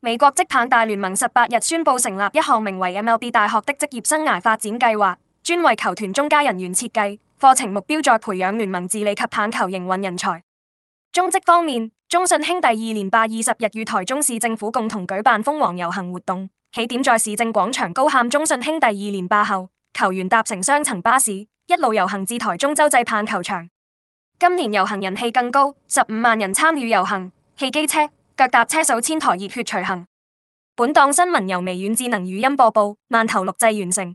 美國職棒大聯盟十八日宣布成立一項名為 MLB 大學的職業生涯發展計劃，專為球團中階人員設計，課程目標在培養聯盟治理及棒球營運人才。中職方面，中信兄弟二連霸二十日與台中市政府共同舉辦封王遊行活動，起點在市政廣場，高喊中信兄弟二連霸後，球員搭乘雙層巴士，一路遊行至台中洲際棒球場。今年遊行人氣更高，十五萬人參與遊行，汽機車。腳踏車手千台熱血隨行。本檔新聞由微軟智能語音播報，萬頭錄製完成。